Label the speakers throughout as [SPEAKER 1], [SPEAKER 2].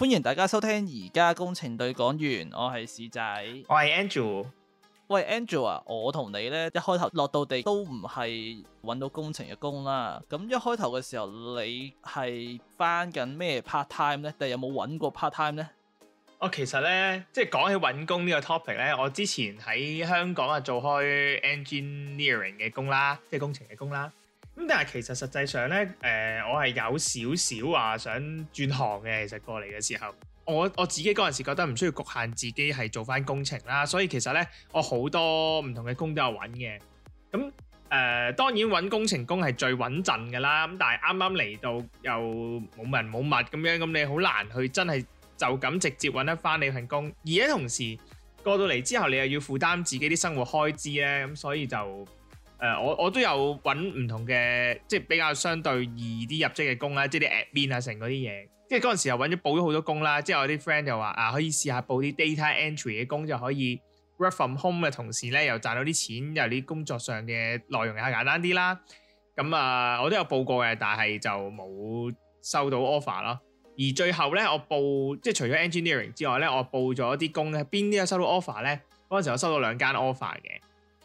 [SPEAKER 1] 歡迎大家收聽而家工程隊講員，我係史仔，
[SPEAKER 2] 我係 Andrew。
[SPEAKER 1] 喂 Andrew，我同你咧一開頭落到地都唔係搵到工程嘅工啦。咁一開頭嘅時候，你係翻緊咩
[SPEAKER 2] part time 咧？定有冇搵過 part time 咧？哦我其實咧即係講起搵工呢個 topic 咧，我之前喺香港啊做開 engineering 嘅工啦，即係工程嘅工啦。咁但係其實實際上咧，誒、呃、我係有少少話想轉行嘅。其實過嚟嘅時候，我我自己嗰陣時覺得唔需要局限自己係做翻工程啦。所以其實咧，我好多唔同嘅工都有揾嘅。咁誒、呃、當然揾工程工係最穩陣㗎啦。咁但係啱啱嚟到又冇人冇物咁樣，咁你好難去真係就咁直接揾得翻你份工。而喺同時過到嚟之後，你又要負擔自己啲生活開支咧，咁所以就～誒，我、呃、我都有揾唔同嘅，即係比較相對易啲入職嘅工啦，即係啲 admin 啊成嗰啲嘢。即係嗰陣時候揾咗報咗好多工啦。即係我啲 friend 又話啊，可以試下報啲 data entry 嘅工就可以 work from home 嘅同時咧，又賺到啲錢，又啲工作上嘅內容又係簡單啲啦。咁啊、呃，我都有報過嘅，但係就冇收到 offer 咯。而最後咧，我報即係除咗 engineering 之外咧，我報咗啲工咧，邊啲有收到 offer 咧？嗰陣時我收到兩間 offer 嘅。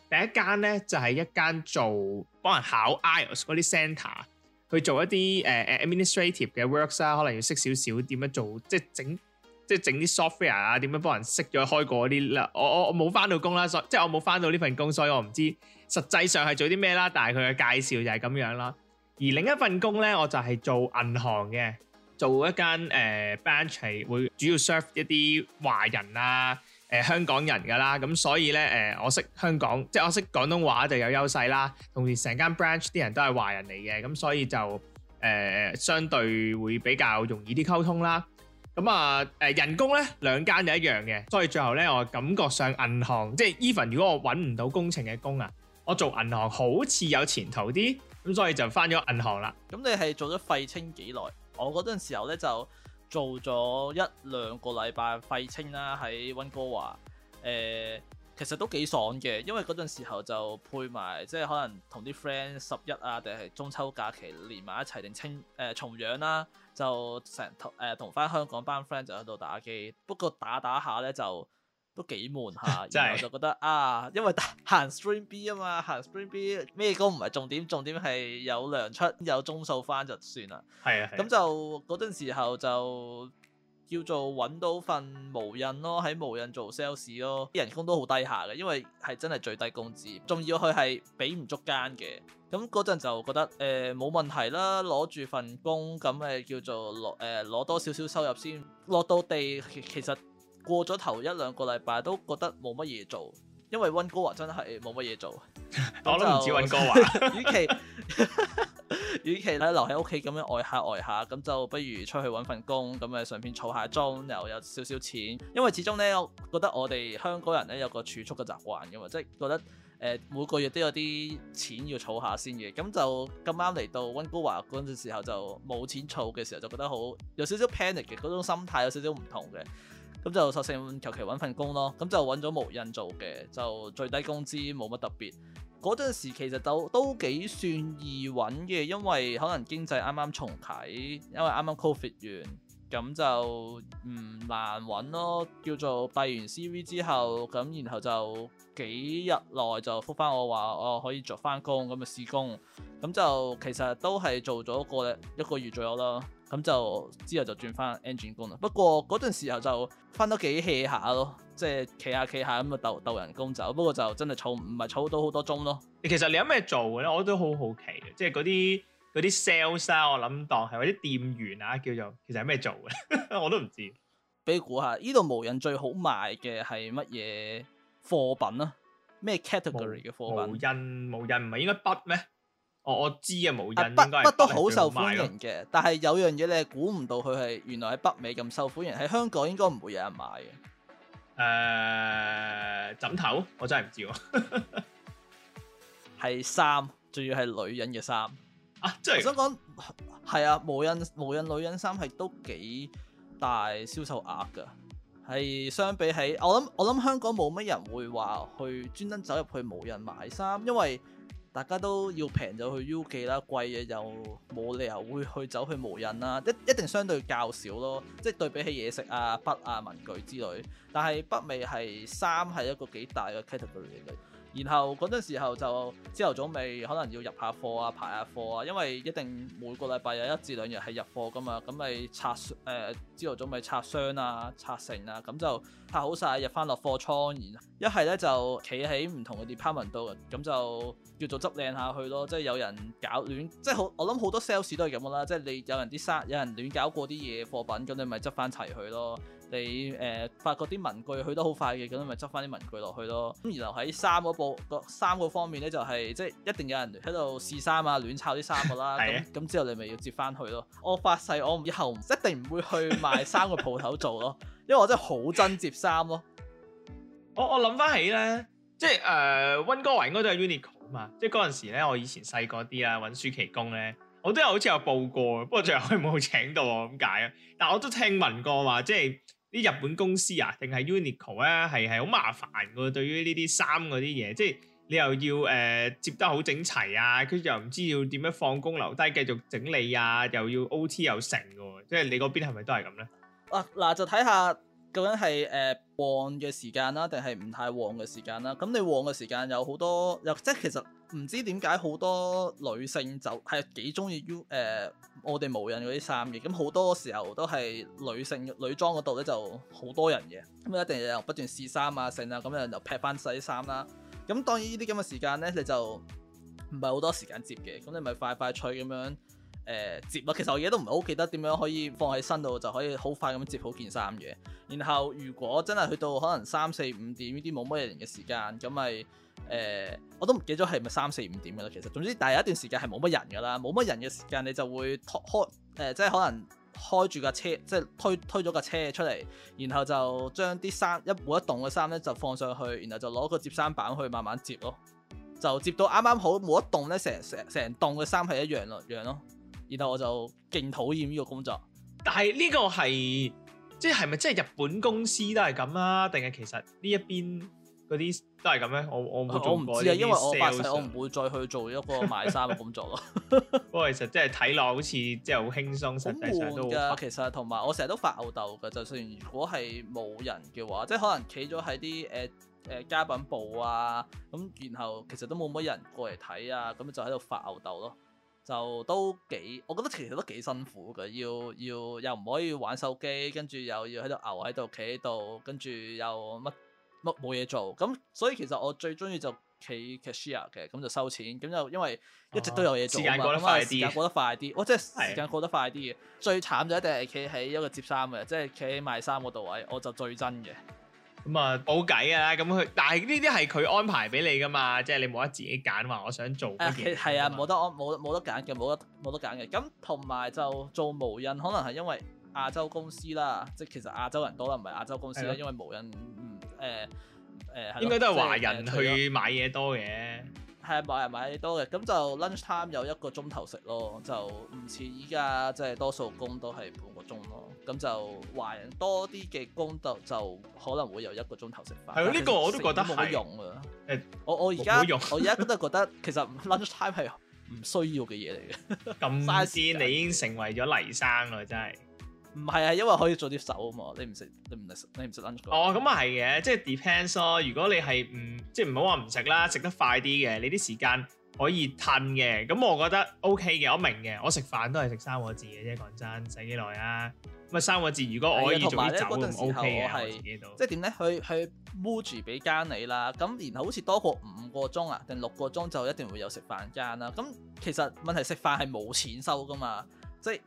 [SPEAKER 2] 第一間咧就係、是、一間做幫人考 IELTS 嗰啲 centre 去做一啲誒誒、呃、administrative 嘅 works 啦、啊，可能要識少少點樣做，即係整即係整啲 software 啊，點樣幫人識咗開過嗰啲啦。我我我冇翻到工啦，所即係我冇翻到呢份工，所以我唔知實際上係做啲咩啦。但係佢嘅介紹就係咁樣啦。而另一份工咧，我就係做銀行嘅，做一間誒、呃、branch 會主要 serve 一啲華人啊。誒香港人噶啦，咁所以咧誒、呃，我識香港，即係我識廣東話就有優勢啦。同時，成間 branch 啲人都係華人嚟嘅，咁所以就誒、呃、相對會比較容易啲溝通啦。咁啊誒、呃、人工咧兩間就一樣嘅，所以最後咧我感覺上銀行即係 even 如果我揾唔到工程嘅工啊，我做銀行好似有前途啲，咁所以就翻咗銀行啦。
[SPEAKER 1] 咁你係做咗廢青幾耐？我嗰陣時候咧就。做咗一兩個禮拜廢青啦，喺溫哥華，誒、呃、其實都幾爽嘅，因為嗰陣時候就配埋，即係可能同啲 friend 十一啊，定係中秋假期連埋一齊定清誒、呃、重陽啦、啊，就成誒同翻香港班 friend 就喺度打機，不過打打下咧就～都幾悶下， 然後就覺得 啊，因為行 stream B 啊嘛，行 stream B 咩工唔係重點，重點係有糧出，有鐘數翻就算啦。係啊， 咁就嗰陣時候就叫做揾到份無印咯，喺無印做 sales 咯，啲人工都好低下嘅，因為係真係最低工資，仲要佢係俾唔足間嘅。咁嗰陣就覺得誒冇、呃、問題啦，攞住份工咁誒叫做攞誒攞多少少收入先，落到地其實。過咗頭一兩個禮拜都覺得冇乜嘢做，因為溫哥華真係冇乜嘢做。 我都唔似溫哥華，與 其與其咧留喺屋企咁樣呆下呆下，咁就不如出去揾份工，咁啊順便儲下妝，又有少少錢。因為始終呢，我覺得我哋香港人呢，有個儲蓄嘅習慣㗎嘛，即係覺得誒每個月都有啲錢要儲下先嘅。咁就咁啱嚟到溫哥華嗰陣時候就冇錢儲嘅時候，就覺得好有少少 panic 嘅嗰種心態有少少唔同嘅。咁就索性求其揾份工咯，咁就揾咗無印做嘅，就最低工資冇乜特別。嗰陣時其實就都，都幾算易揾嘅，因為可能經濟啱啱重啓，因為啱啱 Covid 完，咁就唔難揾咯。叫做畀完 CV 之後，咁然後就幾日內就覆翻我話，我可以着翻工，咁咪試工。咁就其實都係做咗一個一個月左右啦。咁就之後就轉翻 Android 工啦。不過嗰陣時候就翻得幾 hea 下咯，即係企下企下
[SPEAKER 2] 咁就鬥鬥人工走。不過就真係湊唔係湊到好多鐘咯。其實你有咩做嘅咧？我都好好奇嘅，即係嗰啲嗰啲 sales 啊，我諗當係或者店員啊，叫做其實有咩做嘅， 我都唔知。俾你估下，呢度無印最好賣嘅係乜嘢
[SPEAKER 1] 貨品啊？咩 category 嘅
[SPEAKER 2] 貨品？貨品無印？無印唔係應該筆咩？哦、啊呃，我知 啊，我啊，無印筆筆都好受歡迎嘅，
[SPEAKER 1] 但係有樣嘢你估唔到，佢係原來喺北美咁受歡迎，喺香港應該唔會有人買嘅。
[SPEAKER 2] 誒，枕頭我真係唔知喎，
[SPEAKER 1] 係衫，仲要係女人嘅衫啊！即係想講係啊，無印無印女人衫係都幾大銷售額㗎，係相比起我諗我諗香港冇乜人會話去專登走入去無印買衫，因為。大家都要平就去 U 記啦，貴嘢又冇理由會去走去無印啦，一一定相對較少咯，即係對比起嘢食啊筆啊文具之類，但係北美係衫係一個幾大嘅 category 嚟嘅。然後嗰陣時候就朝頭早未可能要入下貨啊，排下貨啊，因為一定每個禮拜有一至兩日係入貨噶嘛，咁咪拆，誒朝頭早咪拆箱啊，拆成啊，咁就拍好晒，入翻落貨倉，然一係咧就企喺唔同嘅 department 度，咁就叫做執靚下去咯。即係有人搞亂，即係好我諗好多 sales 都係咁啦。即係你有人啲沙，有人亂搞過啲嘢貨品，咁你咪執翻齊去咯。你誒、呃、發覺啲文具去得好快嘅，咁樣咪執翻啲文具落去咯。咁然後喺衫部三個方面咧、就是，就係即係一定有人喺度試衫啊、亂抄啲衫個啦。咁咁的之後你咪要接翻去咯。我發誓，我以後一定唔會去賣衫嘅鋪頭做咯， 因為我真係好憎接衫咯。
[SPEAKER 2] 我我諗翻起咧，即係誒温哥華應該都係 Uniqlo 啊嘛。即係嗰陣時咧，我以前細個啲啊，揾暑期工咧，我都有好似有報過，不過最後佢冇請到我咁解啊。但我都聽聞過話，即係。啲日本公司啊，定係 Uniqlo 啊，係係好麻煩噶、啊。對於呢啲衫嗰啲嘢，即係你又要誒、呃、接得好整齊啊，跟住又唔知要點樣放工留低繼續整理啊，又要 O T 又成嘅喎。即係你嗰邊係咪都係咁咧？
[SPEAKER 1] 啊嗱，就睇下。究竟係誒、呃、旺嘅時間啦，定係唔太旺嘅時間啦？咁你旺嘅時間有好多，又即係其實唔知點解好多女性就係幾鍾意 U 誒、呃、我哋無印嗰啲衫嘅。咁好多時候都係女性女裝嗰度咧就好多人嘅。咁一定又不斷試衫啊剩啊，咁樣又劈翻曬啲衫啦。咁當然呢啲咁嘅時間咧，你就唔係好多時間接嘅。咁你咪快快脆咁樣。誒接啊！其實我而家都唔係好記得點樣可以放喺身度就可以好快咁接好件衫嘅。然後如果真係去到可能三四五點呢啲冇乜人嘅時間，咁咪誒我都唔記得係咪三四五點嘅啦。其實總之第一段時間係冇乜人噶啦，冇乜人嘅時間你就會拖開誒、呃，即係可能開住架車，即係推推咗架車出嚟，然後就將啲衫一每一棟嘅衫咧就放上去，然後就攞個接衫板去慢慢接咯，就接到啱啱好每一棟咧成成成棟嘅衫係一樣咯，樣咯。然後我就勁討厭呢個工作，但係呢個
[SPEAKER 2] 係即係咪即係日本公司都係咁啊？定係其實呢一邊嗰啲都係咁咧？我我冇做過啲，因為我發誓 我唔會再去做一個賣衫嘅工作咯。不過其實即係睇落好似即係好輕鬆， 實際上都 其實同
[SPEAKER 1] 埋我成日都發吽豆嘅，就算如果係冇人嘅話，即係可能企咗喺啲誒誒家品部啊，咁、呃呃呃呃、然後其實都冇乜人過嚟睇啊，咁就喺度發吽豆咯。就都幾，我覺得其實都幾辛苦嘅，要要又唔可以玩手機，跟住又要喺度熬，喺度企喺度，跟住又乜乜冇嘢做，咁所以其實我最中意就企 cashier 嘅，咁就收錢，咁就因為一直都有嘢做、啊。時間過得快啲、啊，時間過得快啲，我真係時間過得快啲嘅。的最慘就一定係企喺一個接衫嘅，即係企喺賣衫嗰度位，我就最憎嘅。
[SPEAKER 2] 咁、嗯、啊，冇計噶啦，咁
[SPEAKER 1] 佢，但係呢啲係佢安
[SPEAKER 2] 排俾你噶嘛，即係你冇得自己揀話我想做乜嘢。係啊，冇、啊、得
[SPEAKER 1] 安，冇冇得揀嘅，冇得冇得揀嘅。咁同埋就做無印，可能係因為亞洲公司啦，即係其實亞洲人多啦，唔係亞洲公司啦，的因為無印唔誒誒，
[SPEAKER 2] 呃呃、應該都係華人去買嘢多嘅。
[SPEAKER 1] 係買人買多嘅，咁就 lunch time 有一個鐘頭食咯，就唔似依家即係多數工都係半個鐘咯，咁就華人多啲嘅工就就可能會有一個鐘頭食飯。係咯的，呢是個我都覺得係冇用啊！誒、欸，我用 我而家我而家都覺得其實 lunch time 係唔需要嘅嘢嚟嘅。咁先，你已經成為咗泥生啦，真係～唔係啊，因為可以做啲手啊嘛，你唔食，你唔食，你唔食 lunch
[SPEAKER 2] 哦，咁啊係嘅，即係 depends 咯、哦。如果你係唔、嗯、即係唔好話唔食啦，食得快啲嘅，你啲時間可以褪嘅。咁、嗯、我覺得 OK 嘅，我明嘅。我食飯都係食三個字嘅啫，講真，使幾耐啊？咁啊三個字，如果我同埋咧嗰陣時候我，我係
[SPEAKER 1] 即係點咧去去 move 住俾間你啦。咁然後好似多過五個鐘啊，定六個鐘就一定會有食飯間啦。咁其實問題食飯係冇錢收㗎嘛，即係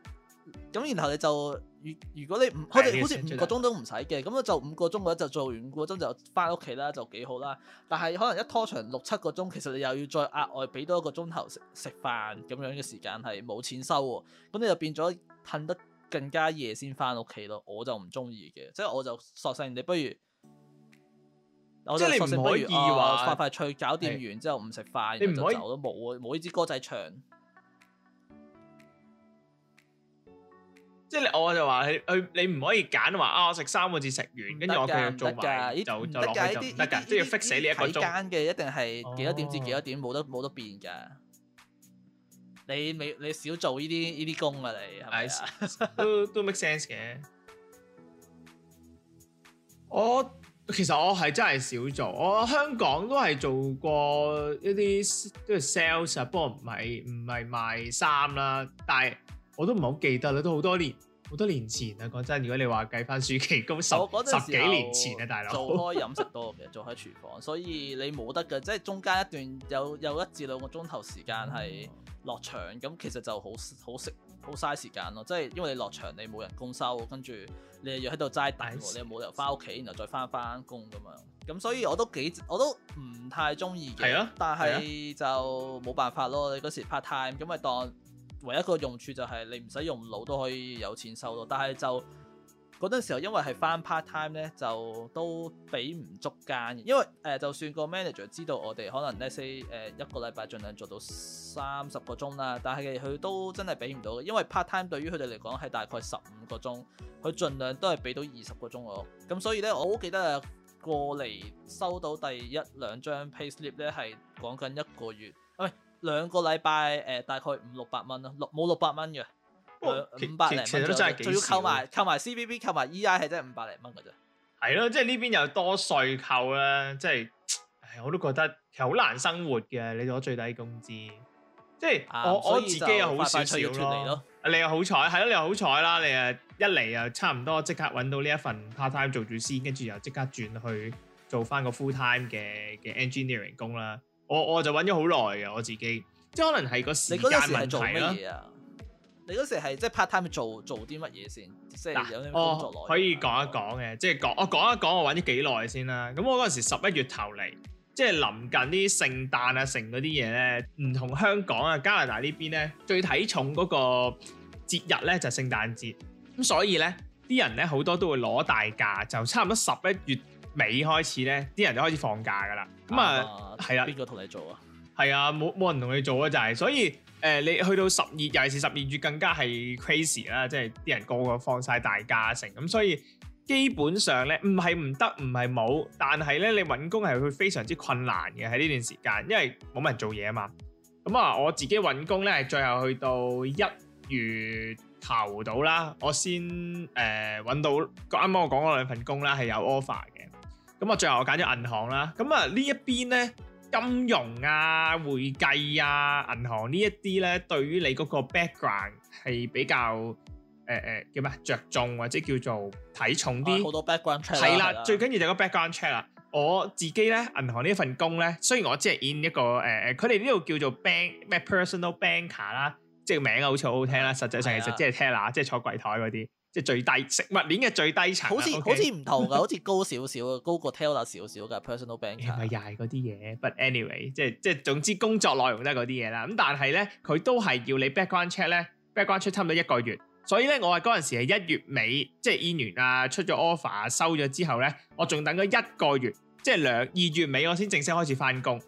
[SPEAKER 1] 咁，然後你就。如如果你唔，佢哋好似五個鐘都唔使嘅，咁咧就五個鐘嘅就做完，五個鐘就翻屋企啦，就幾好啦。但係可能一拖長六七個鐘，其實你又要再額外俾多一個鐘頭食食飯咁樣嘅時間係冇錢收喎。咁你就變咗褪得更加夜先翻屋企咯。我就唔中意嘅，即係我就索性你不如，即係你唔可以話、啊、快快脆搞掂完之後唔食飯，你唔可以就走都冇啊，冇呢支歌仔唱。
[SPEAKER 2] 即係你，我就話佢，佢你唔可以揀話啊，我食三個字食完，跟住我繼續做埋，就就落去就唔得㗎。即係 fix 死呢一個鐘。呢幾間
[SPEAKER 1] 嘅一定係幾多點至幾多點，冇得冇得變㗎。你你你少做呢啲呢啲工啊，你係咪啊？都都 make sense 嘅。
[SPEAKER 2] 我其實我係真係少做。我香港都係做過一啲即係 sales 啊，不過唔係唔係賣衫啦，但係。我都唔係好記得啦，都好多年，好多年前啦、啊。講真，如果你話計翻暑期工十我十幾年前啊，大佬做開飲食
[SPEAKER 1] 多嘅， 做開廚房，所以你冇得嘅，即係中間一段有有一至兩個鐘頭時,時間係落場，咁、嗯、其實就好好食好嘥時間咯。即係因為你落場，你冇人工收，跟住你, 你又要喺度齋等，你又冇理由翻屋企，然後再翻返工咁樣。咁所以我都幾，我都唔太中意嘅。係啊，但係就冇辦法咯。你嗰時 part time，咁咪當。唯一個用處就係你唔使用腦都可以有錢收到，但係就嗰陣時候因為係返 part time 咧，就都俾唔足間。因為誒、呃，就算個 manager 知道我哋可能咧，say 誒一個禮拜盡量做到三十個鐘啦，但係佢都真係俾唔到嘅。因為 part time 對於佢哋嚟講係大概十五個鐘，佢盡量都係俾到二十個鐘咯。咁所以咧，我好記得過嚟收到第一兩張 pay slip 咧，係講緊一個月。係兩個禮拜誒，大概五六百蚊咯，六冇六百蚊嘅，兩、哦、五百零蚊咯，仲實要扣埋扣埋 CBB，扣埋 EI 係真係五百零蚊嘅啫。
[SPEAKER 2] 係咯，即係呢邊有多稅扣咧，即係，唉，我都覺得其實好難生活嘅。你攞最低工資，即係、嗯、我以我自己又好少少咯。你又好彩，係咯，你又好彩啦。你誒一嚟又差唔多，即刻揾到呢一份 part time 做住先，跟住又即刻轉去做翻個 full time 嘅嘅 engineering 工啦。我我就揾咗好耐嘅我自己，即係可能係個時間問題啦。
[SPEAKER 1] 你嗰時係即係 part time 做做啲乜嘢先？即係有
[SPEAKER 2] 工作內容、哦、可以講一講嘅、嗯哦，即係講我講一講我揾咗幾耐先啦。咁我嗰陣時十一月頭嚟，即係臨近啲聖誕啊，成嗰啲嘢咧，唔同香港啊、加拿大邊呢邊咧，最睇重嗰個節日咧就係聖誕節。咁所以咧，啲人咧好多都會攞大假，就差唔多十一月尾開始咧，啲人就開始放假㗎啦。咁啊，係啦就。邊個同你做啊？係啊，冇冇人同你做啊，就係所以誒、呃，你去到十二，尤其是十二月更加係 crazy 啦，即係啲人個個放晒大假成咁，所以基本上咧唔係唔得，唔係冇，但係咧你揾工係會非常之困難嘅喺呢段時間，因為冇乜人做嘢啊嘛。咁啊，我自己揾工咧，係最後去到一月頭到啦，我先誒揾、呃、到啱啱我講嗰兩份工啦，係有 offer 嘅。咁啊，最後我揀咗銀行啦。咁啊，呢一邊咧，金融啊、會計啊、銀行呢一啲咧，對於你嗰個 background 係比較誒誒、呃、叫咩着重或者叫做睇重啲。好、啊、多 background check 係啦，係啦、最緊要就個 background check 啦。我自己咧，銀行呢一份工咧，雖然我即係 in 一個誒誒，佢哋呢度叫做 bank 咩 personal banker 啦，即係名好似好好聽啦。啊、實際上其實即係 teller 啊，即係坐櫃台嗰啲。即係最低食物鏈嘅最低層，好似像 Okay 好似唔同㗎，好似高少少 高過 teller 少少㗎，personal banker。i n 唔係又係嗰啲嘢，but anyway，即係即係總之工作內容都係嗰啲嘢啦。咁但係咧，佢都係要你 background check 咧，background check 差唔多一個月。所以咧，我係嗰陣時係一、就是、一月尾，即係 in 完啊，出咗 offer、啊、收咗之後咧，我仲等咗一個月，即係兩二月尾我先正式開始返工。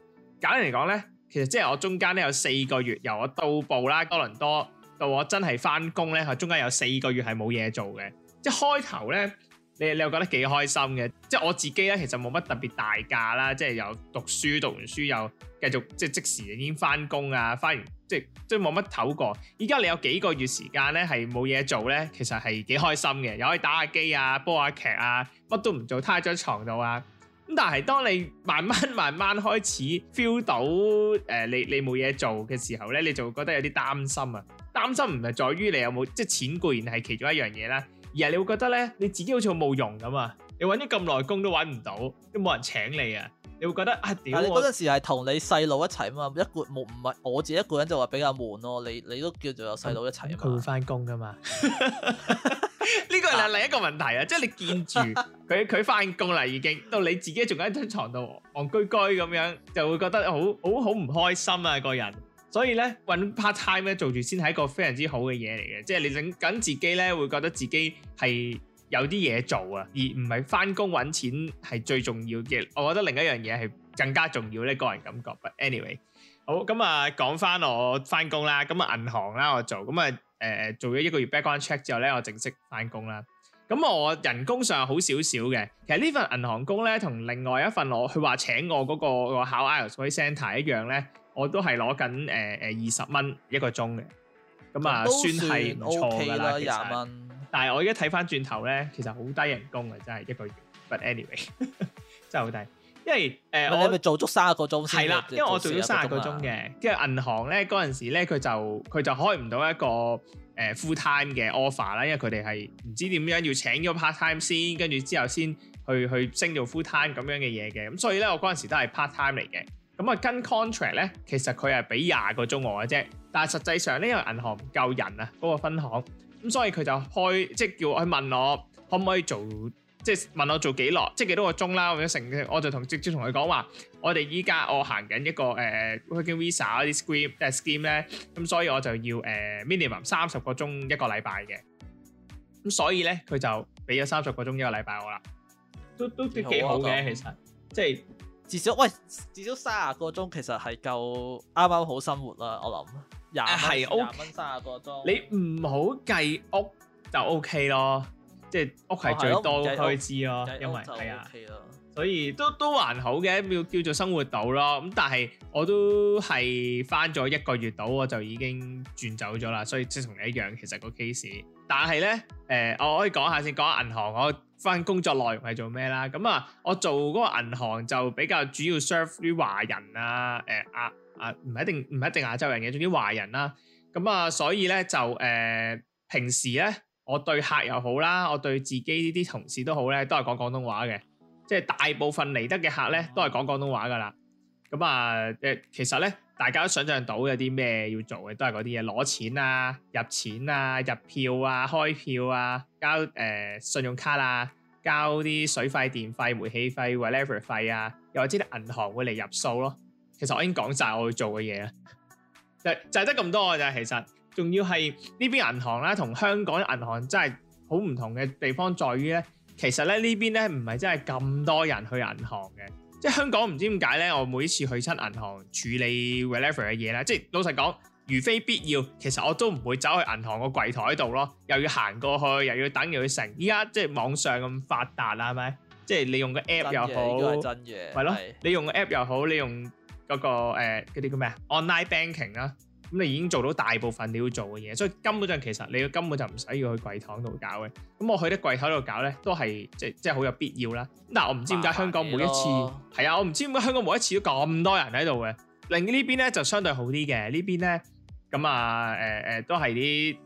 [SPEAKER 2] 簡單嚟講咧，其實即係我中間咧有四個月由我到步啦多倫多。到我真係翻工咧，吓中間有四個月係冇嘢做嘅。即係開頭咧，你你又覺得幾開心嘅。即係我自己咧，其實冇乜特別大假啦。即係又讀書，讀完書又繼續即係即時已經翻工啊，翻完即係即係冇乜唞過。依家你有幾個月時間咧係冇嘢做咧，其實係幾開心嘅，又可以打下機啊，煲下劇啊，乜都唔做，躺喺張牀度啊。咁但係當你慢慢慢慢開始 feel 到誒、呃、你你冇嘢做嘅時候咧，你就會覺得有啲擔心啊。擔心唔係在於你有冇即係錢固然係其中一樣嘢啦，而係你會覺得咧你自己好似好冇用咁啊！你揾咗咁耐工都揾唔到，都冇人請你啊！你會覺得啊，屌、哎！嗰陣時係
[SPEAKER 1] 同你細路一齊啊嘛，一個悶唔係我自己一個人就話比較
[SPEAKER 2] 悶咯、啊。你你都叫做有細路一齊啊嘛，佢會翻工噶嘛？呢個係另一個問題啊！即係你見住佢佢翻工啦已經，到你自己仲喺張牀度安居居咁樣，就會覺得好好好唔開心啊個人。所以咧揾 part time 咧做住先係一個非常之好嘅嘢嚟嘅，即係你整緊自己咧會覺得自己係有啲嘢做啊，而唔係翻工揾錢係最重要嘅。我覺得另一樣嘢係更加重要咧，個人感覺。But anyway，好咁啊，講翻我翻工啦，咁啊銀行啦我做，咁啊誒做咗一個月 background check 之後咧，我正式翻工啦。咁我人工上係好少少嘅，其實呢份銀行工咧同另外一份我佢話請我嗰個個考 IELTS 啲 center 一樣咧。我都係攞緊誒誒二十蚊一個鐘嘅，咁啊算係唔錯㗎啦，二十蚊，元但係我而家睇翻轉頭咧，其實好低人工啊，真係一個月。But anyway， 真係好低，因
[SPEAKER 1] 為誒我係咪做足卅個鐘？係啦，因為我做咗卅個鐘嘅。
[SPEAKER 2] 跟住、嗯、銀行咧嗰陣時咧，佢就佢就開唔到一個誒、呃、full time 嘅 offer 啦。因為佢哋係唔知點樣要請咗 part time 先，跟住之後先去去升到 full time 咁樣嘅嘢嘅。咁所以咧，我嗰陣時都係 part time 嚟嘅。咁啊、嗯，跟 contract 咧，其實佢係俾廿個鐘我嘅啫，但係實際上呢，因為銀行唔夠人啊，嗰、那個分行，咁、嗯、所以佢就開，即係叫佢問我可唔可以做，即係問我做幾耐，即係幾多個鐘啦，咁樣成嘅，我就同直接同佢講話，我哋依家我行緊一個誒，佢、呃、叫 working visa 啲 scheme，即係 scheme 咧，咁、嗯、所以我就要誒、呃、minimum 三十個鐘一個禮拜嘅，咁、嗯、所以咧佢就俾咗三十個鐘一個禮拜我啦，都都都幾好嘅，好其實即係。就是
[SPEAKER 1] 至少喂，至少三十個鐘其實係夠啱啱好生活啦，我諗廿係 O，廿蚊三十個鐘，你
[SPEAKER 2] 唔好計屋就 OK 咯，即係屋係最多開支咯，哦、因為係啊。所以都都還好嘅，叫叫做生活到咯。咁但係我都係返咗一個月到，我就已經轉走咗啦。所以即同你一樣，其實個 case。但係咧，誒、呃，我可以講下先，講下銀行，我返工，工作內容係做咩啦。咁啊，我做嗰個銀行就比較主要 serve 於華人啊，誒亞亞唔一定唔一定亞洲人嘅，總之華人啦、啊。咁啊，所以咧就誒、呃、平時咧，我對客又好啦，我對自己呢啲同事都好咧，都係講廣東話嘅。即係大部分嚟得嘅客咧，都係講廣東話㗎啦。咁啊，誒，其實咧，大家都想像到有啲咩要做嘅，都係嗰啲嘢，攞錢啊、入錢啊、入票啊、開票啊、交誒、呃、信用卡啊、交啲水費、電費、煤氣費 whatever 費啊，又或者啲銀行會嚟入數咯。其實我已經講晒我要做嘅嘢啦，就就係得咁多嘅啫。其實，仲要係呢邊銀行啦，同香港銀行真係好唔同嘅地方，在於咧。其實咧呢邊咧唔係真係咁多人去銀行嘅，即係香港唔知點解咧，我每次去親銀行處理 whatever 嘅嘢咧，即係老實講，如非必要，其實我都唔會走去銀行個櫃台度咯，又要行過去，又要等又要成。依家即係網上咁發達啦係咪，即係你用個 app 又好，係咯，的你用個 app 又好，你用嗰、嗰個嗰啲、呃、叫咩啊，online banking 啦。咁、嗯、你已經做到大部分你要做嘅嘢，所以根本上其實你根本就唔使要去櫃檯度搞嘅。咁、嗯、我去啲櫃檯度搞咧，都係即即係好有必要啦。嗱，我唔知點解香港每一次係啊，我唔知點解香港每一次都咁多人喺度嘅。另邊呢邊咧就相對好啲嘅，邊呢邊咧咁啊誒誒、呃、都係啲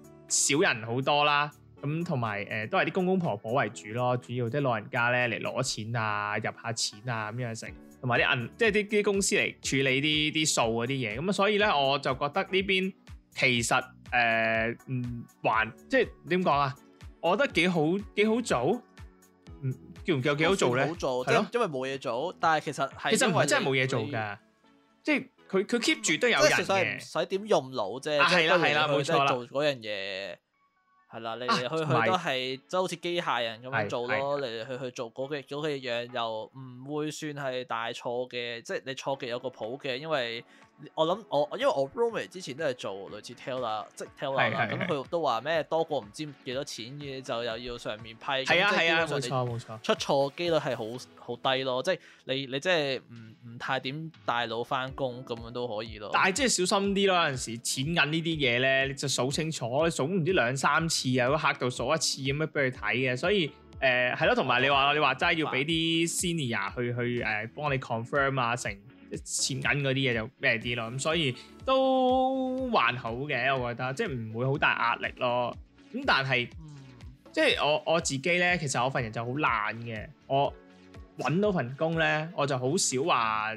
[SPEAKER 2] 少人好多啦，咁同埋誒都係啲公公婆婆，婆為主咯，主要啲老人家咧嚟攞錢啊、入下錢啊咁樣成。同埋啲銀，即係啲啲公司嚟處理啲啲數嗰啲嘢，咁啊，所以咧我就覺得呢邊其實誒嗯還即係點講啊，我覺得幾好幾好做，嗯叫唔叫幾好做咧？好做，即係因為冇嘢做，但係其實係其實真係冇嘢做㗎，即係佢佢 keep 住都有人嘅，
[SPEAKER 1] 使點用腦啫？係啦係啦，冇錯啦。係啦，嚟嚟去去都係，啊、即係好似機械人咁樣做咯，嚟嚟的去去做嗰幾嗰又唔會算係大錯嘅，即係你錯嘅有個譜嘅，因為。我諗我因為我 roommate 之前都係做類似 tell 啦、er, er, 是，即 tell 啦，咁佢都話咩多過唔知幾多錢嘅就又要上面批，係是啊，啊，冇錯冇錯，出錯機率係好好低咯，即係你你即係唔唔太點帶腦返工咁樣都可以咯。但係
[SPEAKER 2] 即係小心啲咯，有陣時錢銀呢啲嘢咧，你就數清楚，你數唔知兩三次啊，會嚇到數一次咁樣俾佢睇嘅。所以誒係咯，同、呃、埋你話你話齋要俾啲 senior 去去誒、呃、幫你 confirm 啊成。錢銀嗰啲嘢就咩啲咯，咁所以都還好嘅，我覺得即係唔會好大壓力咯。咁但係、嗯、即係我我自己咧，其實我份人就好懶嘅。我揾到份工咧，我就好少話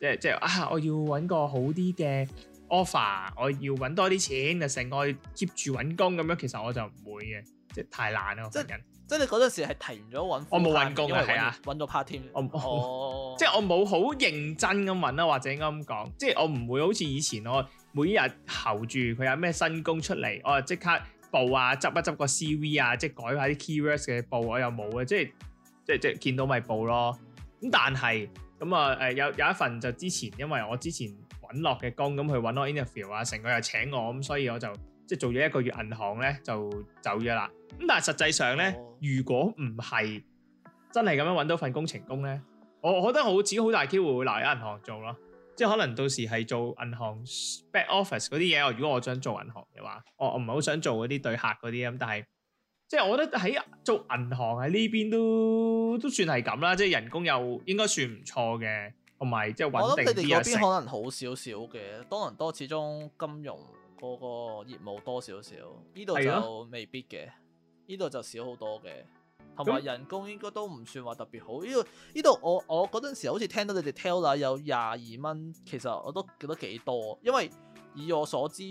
[SPEAKER 2] 即係即係啊，我要揾個好啲嘅 offer，我要揾多啲錢就成個 keep 住揾工咁樣，其實我就唔會嘅，即係太懶咯即份人。即係嗰陣時係停咗揾工，我冇揾工啊，係啊，揾咗 part time。我哦，即係我冇好認真咁揾啦，或者咁講，即係我唔會好似以前我，我每一日候住佢有咩新工出嚟，我即刻報啊，執一執個 CV 啊，即係改下啲 keywords 嘅報我又冇啊，即係即係即係見到咪報咯。咁但係咁啊誒，有有一份就之前，因為我之前揾落嘅工咁去揾我 interview 啊，成個又請我咁，所以我就即係做咗一個月銀行咧就走咗啦。咁但係實際上咧，哦、如果唔係真係咁樣揾到份工程工咧，我覺得我自己好大機會會留喺銀行做咯。即係可能到時係做銀行 back office 嗰啲嘢。如果我想做銀行嘅話，我我唔係好想做嗰啲對客嗰啲咁。但係即係我覺得喺做銀行喺呢邊都都算係咁啦，即係人工又應該算唔錯嘅，同埋即係穩定啲。我諗你哋嗰邊可能
[SPEAKER 1] 好少少嘅，多倫多，始終金融嗰個業務多少少，呢度就未必嘅。呢度就少好多嘅，同埋人工應該都唔算話特別好。呢度呢度我我嗰陣時好似聽到你哋 tell 啦，有廿二蚊。其實我都覺得幾多，因為以我所知，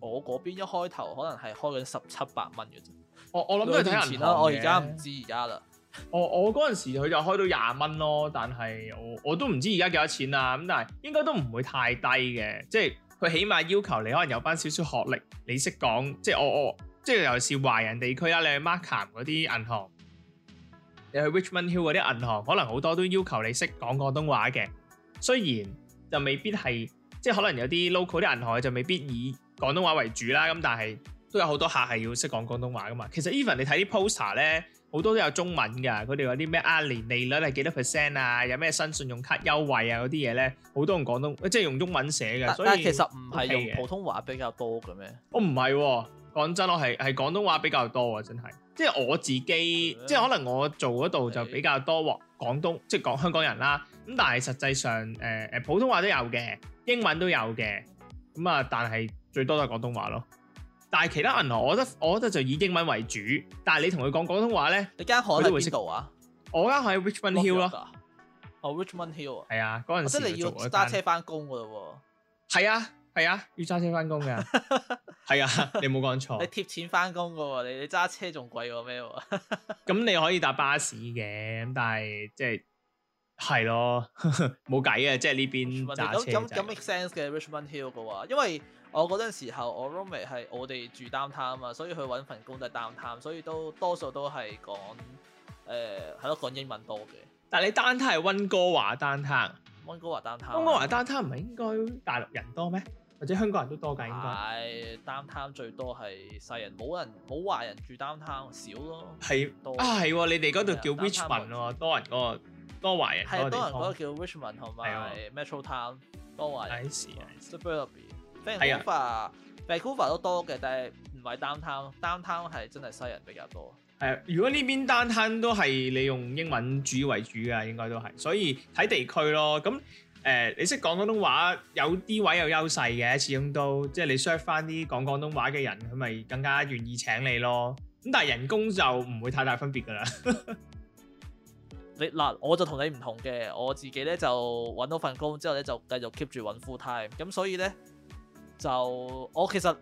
[SPEAKER 1] 我嗰邊一開頭可能係開緊十七八蚊嘅啫。
[SPEAKER 2] 我前我諗都係年前啦，我而家唔知而家啦。我我嗰陣時佢就開到廿蚊咯，但係我我都唔知而家幾多錢啦。咁但係應該都唔會太低嘅，即係佢起碼要求你可能有班少少學歷，你識講，即係我我。我即係，尤其是華人地區啊，你去 Markham 嗰啲銀行，你去 Richmond Hill 嗰啲銀行，可能好多都要求你識講廣東話嘅。雖然就未必係，即係可能有啲 local 啲銀行就未必以廣東話為主啦。咁但係都有好多客係要識講廣東話噶嘛。其實 even 你睇啲 poster 咧，好多都有中文噶。佢哋有啲咩啊？年利率係幾多 percent 啊？有咩新信用卡優惠啊？嗰啲嘢咧，好多用廣東即係用中文寫嘅。所以其實唔係用普通話比較多嘅咩？我唔係喎。講真咯，係係廣東話比較多啊。真係。即係我自己，的即係可能我做嗰度就比較多話廣東，即係講香港人啦。咁但係實際上，誒、呃、誒普通話都有嘅，英文都有嘅。咁、嗯、啊，但係最多都係廣東話咯。但係其他銀行，我覺得我覺得就以英文為主。但係你同佢講廣東話咧，你間行喺邊度啊？我間行喺 Richmond Hill 咯。
[SPEAKER 1] 哦、啊 oh，Richmond Hill 啊。係啊，嗰陣時。即係你要揸車
[SPEAKER 2] 翻工㗎咯喎。係啊。係啊，要揸車翻工噶，係啊， 你冇講錯。你
[SPEAKER 1] 貼錢翻工噶，你你揸車仲貴過咩？
[SPEAKER 2] 咁 你可以搭巴士嘅，咁但係即係係咯，冇計嘅。即係呢邊揸車就係。咁咁咁
[SPEAKER 1] make sense 嘅 Richmond Hill 嘅話，因為我嗰陣時候我 roommate 係我哋住 downtown 啊嘛，所以去搵份工都係 downtown，所以都多數都係講誒，係咯講英文多嘅。
[SPEAKER 2] 但係你 downtown 係溫哥華 downtown，
[SPEAKER 1] 溫哥華 downtown，啊嗯、單溫哥華
[SPEAKER 2] downtown 唔係應該大陸人多咩？或者香港人都多啲，應該。係
[SPEAKER 1] ，downtown 最多係西人，冇人冇華人住 downtown 少咯。
[SPEAKER 2] 係多啊，係你哋嗰度叫 Richmond 喎，多人嗰、嗰個多華人。係多人嗰個
[SPEAKER 1] 叫 Richmond 同埋 Metro Town，的多華人。係啊，St. Barbe，Vancouver 都多嘅，但係唔係 downtown。downtown 係真係西人比較多。
[SPEAKER 2] 係，如果呢邊 downtown 都係你用英文主要為主嘅，應該都係。所以睇地區咯，咁。誒、哎，你識講廣東話，有啲位有優勢嘅，始終都即係你 share 翻啲講廣東話嘅人，佢咪更加願意請你咯。咁但係人工就唔會太大分別㗎啦。呵
[SPEAKER 1] 呵。你嗱，我就你同你唔同嘅，我自己咧就揾到份工之後咧就繼續 keep 住揾 full time。咁所以咧就我其實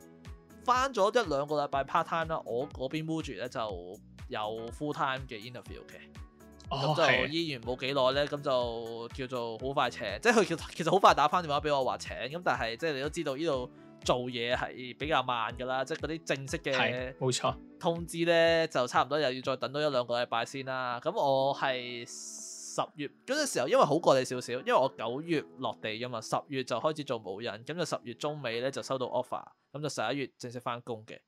[SPEAKER 1] 翻咗一兩個禮拜 part time 啦，我嗰邊 Woojie 咧就有 full time 嘅 interview 嘅。咁就依完冇幾耐咧，咁就叫做好快請，即係佢叫其實好快打翻電話俾我話請，咁但係即係你都知道呢度做嘢係比較慢㗎啦，即係嗰啲正式嘅冇錯通知咧，就差唔多又要再等多一兩個禮拜先啦。咁我係十月嗰陣、那個、時候，因為好過你少少，因為我九月落地㗎嘛，十月就開始做無印，咁就十月中尾咧就收到 offer，咁就十一月正式翻工嘅。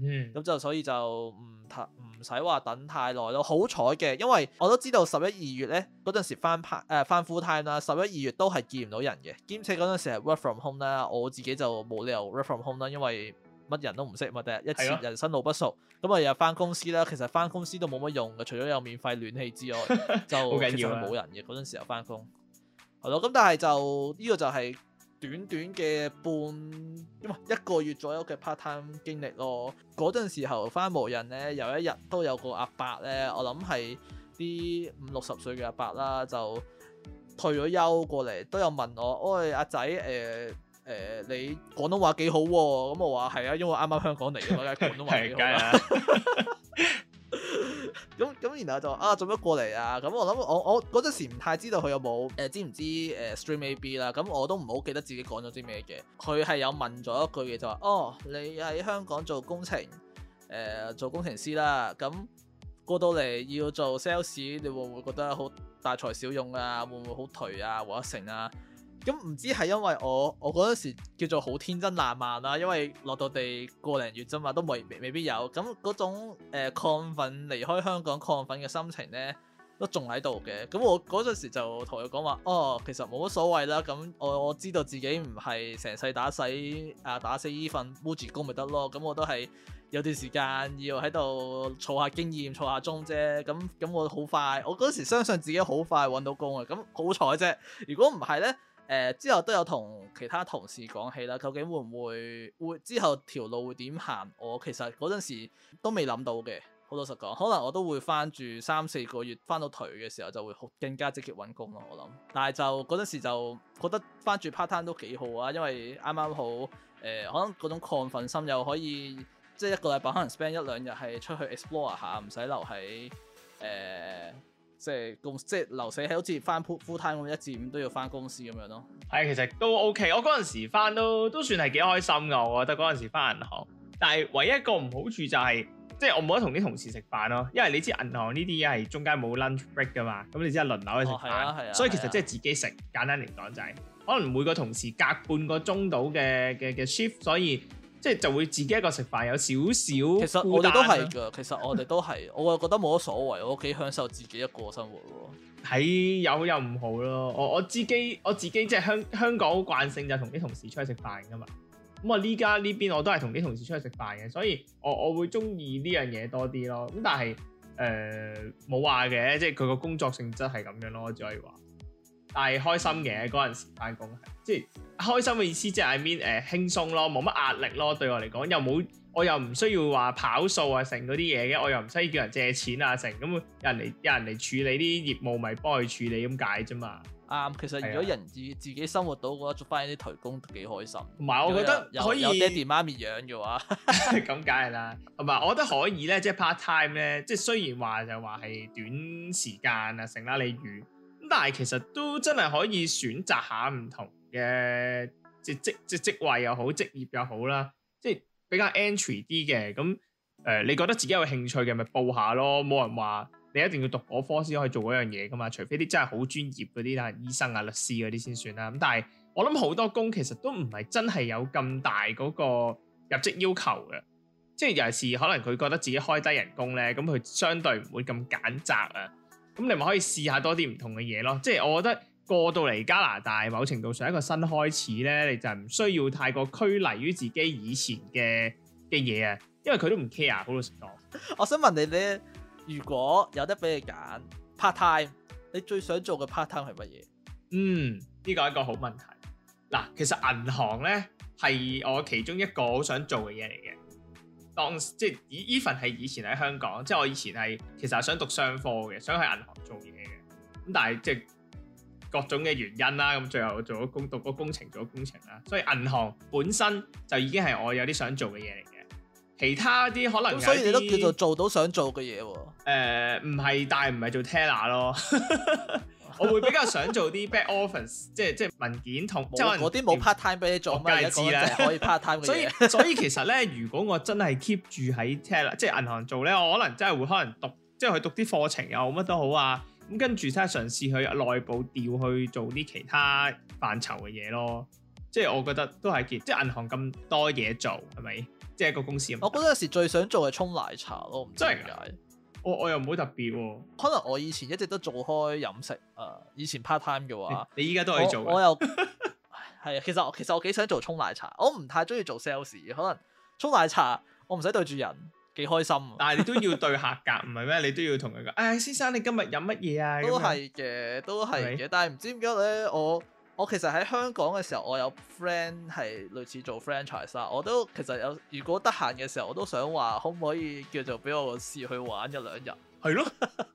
[SPEAKER 1] 嗯，咁就所以就唔太唔使話等太耐咯。好彩嘅，因為我都知道十一二月咧嗰陣時翻 part 誒翻 full time 啦，十一二月都係見唔到人嘅。兼且嗰陣時係 work from home 啦，我自己就冇理由 work from home 啦，因為乜人都唔識，咪第一一次人生路不熟。咁啊日日翻公司啦，其實翻公司都冇乜用嘅，除咗有免費暖氣之外， 就其實係冇人嘅。嗰陣 時候翻工，係咯。咁但係就呢、這個就係、是。短短嘅半唔係一個月左右嘅 part time 經歷咯，嗰陣時候返無人呢，有一日都有個阿伯呢。我諗係啲五六十歲嘅阿伯啦，就退咗休過嚟，都有問我，喂，阿仔誒誒，你廣東話幾好喎，啊？咁我話係啊，因為啱啱香港嚟嘅，廣東話幾好，啊 的 咁然後就話啊，做乜過嚟啊？咁、嗯、我諗我我嗰陣時唔太知道佢有冇誒、呃、知唔知誒、呃、Stream A B 啦。咁我都唔好記得自己講咗啲咩嘅。佢係有問咗一句嘅，就話哦，你喺香港做工程誒、呃、做工程師啦。咁、嗯、過到嚟要做 sales，你會唔會覺得好大材小用啊？會唔會好頹啊？或者成啊？咁唔知係因為我我嗰陣時叫做好天真爛漫啦，因為落到地個零月啫嘛，都未未未必有咁嗰種誒亢奮離開香港亢奮嘅心情咧，都仲喺度嘅。咁我嗰陣時就同佢講話，哦，其實冇乜所謂啦。咁我我知道自己唔係成世打死啊打死依份 Muji 工咪得咯。咁我都係有段時間要喺度儲下經驗、儲下鐘啫。咁咁我好快，我嗰時相信自己好快揾到工啊。咁好彩啫，如果唔係咧～誒，之後都有同其他同事講起啦，究竟會唔會會之後條路會點行？我其實嗰陣時都未諗到嘅，好老實講，可能我都會翻住三四個月，翻到攰嘅時候就會更加積極揾工咯，我諗。但係就嗰陣時就覺得翻住 part time 都幾好啊，因為啱啱好誒、呃，可能嗰種亢奮心又可以即係一個禮拜可能 spend 一兩日係出去 explore 下，唔使留喺誒。呃即係公即係留社係好似返 full time 咁，一至五都要返公司咁樣咯。
[SPEAKER 2] 係啊，其實都 OK 我都都。我嗰陣時返都都算係幾開心㗎。我覺得嗰陣時返銀行，但係唯一一個唔好處就係、是、即係我冇得同啲同事食飯咯，因為你知銀行呢啲係中間冇 lunch break 㗎嘛。咁你只啊，輪流去食飯，哦啊啊啊、所以其實即係自己食。簡單嚟講就係、是、可能每個同事隔半個鐘到嘅嘅嘅 shift，所以。即係就會自己一個食飯，有少少孤單。其實我哋都係噶，
[SPEAKER 1] 其實我哋都係 我覺得冇乜所謂，我屋企享受自己一個生活喎。
[SPEAKER 2] 係，有有唔好咯。我我自己我自己即係香香港好慣性就同啲同事出去食飯噶嘛。咁啊呢家呢邊我都係同啲同事出去食飯嘅，所以我我會中意呢樣嘢多啲咯。咁但係誒冇話嘅，即係佢個工作性質係咁樣咯，只可以話。係開心嘅嗰陣時返工，即係開心嘅意思，就是，即係 I mean 誒、呃、輕鬆咯，冇乜壓力咯。對我嚟講，又冇我又唔需要話跑數啊，剩嗰啲嘢嘅，我又唔需要叫人借錢啊，剩咁人有人嚟處理啲業務，咪，就是、幫佢處理咁解啫嘛。啱，嗯，其實，啊，如果人
[SPEAKER 1] 自自己生活到嘅話，做返啲台工都幾開心。唔係，我覺得可以有爹哋媽咪養嘅
[SPEAKER 2] 話，咁梗係啦。唔係，我覺得可以咧，即係 part time 咧，即係雖然話就話係短時間啊，成啦，你預。但係其實都真係可以選擇下唔同嘅即職即職位又好，職業又好啦，即比較 entry 啲嘅。咁誒、呃，你覺得自己有興趣嘅咪報下咯。冇人話你一定要讀嗰科先可以做嗰樣嘢㗎嘛。除非啲真係好專業嗰啲，例如醫生啊、律師嗰啲先算啦。咁但係我諗好多工其實都唔係真係有咁大嗰個入職要求嘅。即係尤其係可能佢覺得自己開低人工咧，咁佢相對唔會咁揀擇啊。咁你咪可以試下多啲唔同嘅嘢咯，即係我覺得過到嚟加拿大，某程度上一個新開始咧，你就唔需要太過拘泥於自己以前嘅嘅嘢啊，因為佢都唔 care，好老實講。我想問你咧，如果有得俾你揀 part time，你最想做嘅 part time 係乜嘢？嗯，呢個係一個好問題。嗱，其實銀行咧係我其中一個好想做嘅嘢嚟嘅。當即係，Even 係以前喺香港，即係我以前係其實係想讀商科嘅，想去銀行做嘢嘅，咁但係即係各種嘅原因啦，咁最後做咗工，讀咗工程，做咗工程啦，所以銀行本身就已經係我有啲想做嘅嘢嚟嘅，其他啲可能，所以你都叫做做到想做嘅嘢喎？呃，唔係，但係唔係做 teller 咯。 我會比較想做啲 back office， 即係即係文件同有即係啲冇 part time 俾你做。for you，我知啦，可以 part time。 所以所以其實咧，如果我真係 keep 住喺即係即係銀行做咧，我可能真係會可能讀即係去讀啲課程又好乜都好啊。咁跟住真係嘗試去內部調去做啲其他範疇嘅嘢咯。即係我覺得都係件，即係銀行咁多嘢做，係咪？即係個公司。我覺得有時最想做係沖奶茶咯，唔知點解的。 我、哦、我又唔好特別
[SPEAKER 1] 喎、哦，可能我以前一直都做開飲食，誒、呃、以前 part time 嘅話，你依家都可以做我。我又係啊，其實我其實我幾想做沖奶茶，我唔太中意做 sales，可能沖奶茶我唔使對住人，
[SPEAKER 2] 幾開心，但係你都要對客㗎，唔係咩？你都要同佢
[SPEAKER 1] 講，誒、哎、先生你今日飲乜嘢啊？都係嘅，都係嘅，嗎但係唔知點解咧我。我其實喺香港嘅時候，我有 friend 係類似做 franchise 我都其實有。如果得閒嘅時候，我都想話，可唔可以叫做俾我試去玩一兩日？
[SPEAKER 2] 係咯，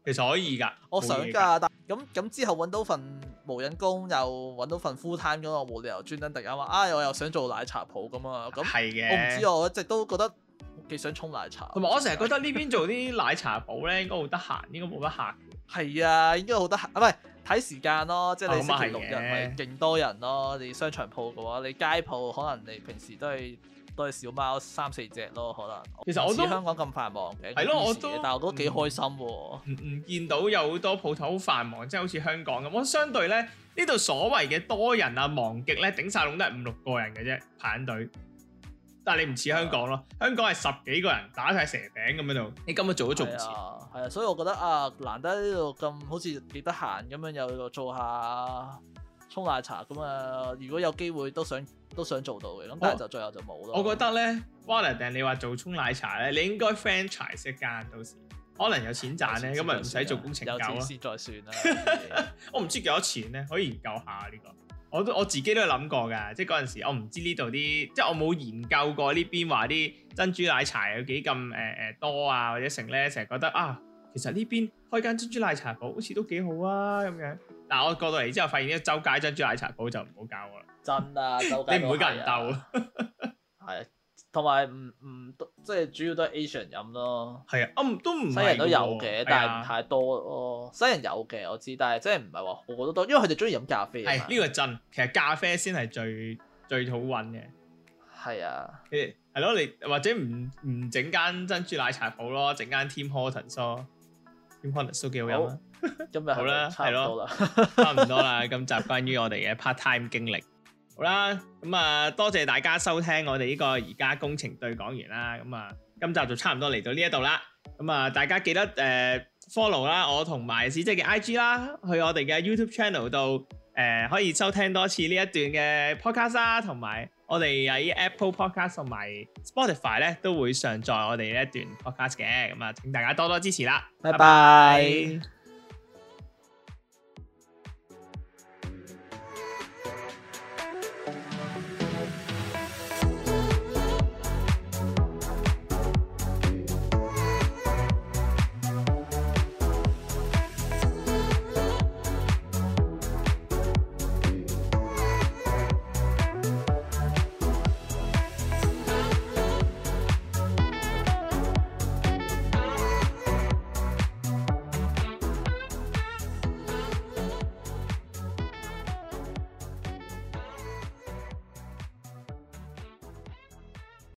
[SPEAKER 2] 其實可以㗎。 我想㗎的，
[SPEAKER 1] 但咁咁之後揾到份無人工，又揾到份 full time 咁我冇理由，專登突然話啊、哎，我又想做奶茶鋪咁啊。咁係嘅。的我唔知我一直都覺得幾想沖奶茶。同埋我成日
[SPEAKER 2] 覺得呢邊做啲奶茶鋪呢應該好得閒，應該冇乜客。係啊，應該好得閒啊，唔 睇時間咯，即係你星期六日咪勁
[SPEAKER 1] 多人咯。你商場鋪嘅話，你街鋪可能你平時都係都係小貓
[SPEAKER 2] 三四隻咯，可能。其實我都我香港咁繁忙嘅，係咯的，我都，但我都幾開心喎。唔唔、嗯嗯嗯、見到有好多鋪頭好繁忙，即、就、係、是、好似香港咁。我相對咧呢度所謂嘅多人啊忙極咧，頂晒籠都係五六個人嘅啫，排緊隊。但係你唔似香港咯，Yeah. 香港係十幾個人打晒蛇餅咁樣度。你今日做都做唔切。係 Yeah. 啊，所以我覺得啊，
[SPEAKER 1] 難得呢度咁好似幾得閒咁樣又做下沖奶茶咁啊，如果有機會都想都想做到嘅，咁但係就最後就冇咯。Oh, 我覺
[SPEAKER 2] 得咧，瓦納頂你話做沖奶茶咧，你應該 franchise 一間到時，可能有錢賺咧，咁咪唔使做工程夠咯、啊。有錢先再算啦。 我唔知幾多錢咧，可以研究下呢、這個。我都我自己都有諗過㗎，即係嗰陣時我唔知呢度啲，即係我冇研究過呢邊話啲珍珠奶茶有幾咁誒誒多啊，或者成咧，成日覺得啊，其實呢邊開間珍珠奶茶鋪好似都幾好啊咁樣。但係我過到嚟之後發現呢，周街珍珠奶茶鋪就唔好搞我啦，真啊，周街， 你唔會跟人鬥啊？係、啊。 同埋唔
[SPEAKER 1] 唔即係主要都係 Asian 飲咯，
[SPEAKER 2] 係啊，都唔使人都有嘅，但係唔太
[SPEAKER 1] 多咯。雖然有嘅我知，但係即係唔係話好多，因為佢哋中意飲咖啡。係呢個
[SPEAKER 2] 真，其實咖啡先係最最好揾嘅。係啊，係係咯，你或者唔唔整間珍珠奶茶好咯，整間 Tim Hortons 咯，Tim Hortons 都幾好飲。咁日好啦，係咯，差唔多啦，差唔多啦。今集關於我哋嘅 part time 經歷。好啦，咁、嗯、啊多謝大家收聽我哋呢個而家工程隊講員啦，咁、嗯、啊今集就差唔多嚟到呢一度啦，咁、嗯、啊大家記得誒、呃、follow 啦，我同埋史仔嘅 IG 啦，去我哋嘅 YouTube channel 度誒、呃、可以收聽多次呢一段嘅 podcast 啦，同埋我哋喺 Apple Podcast 同埋 Spotify 咧都會上載我哋呢一段 podcast 嘅，咁、嗯、啊請大家多多支持啦，拜拜。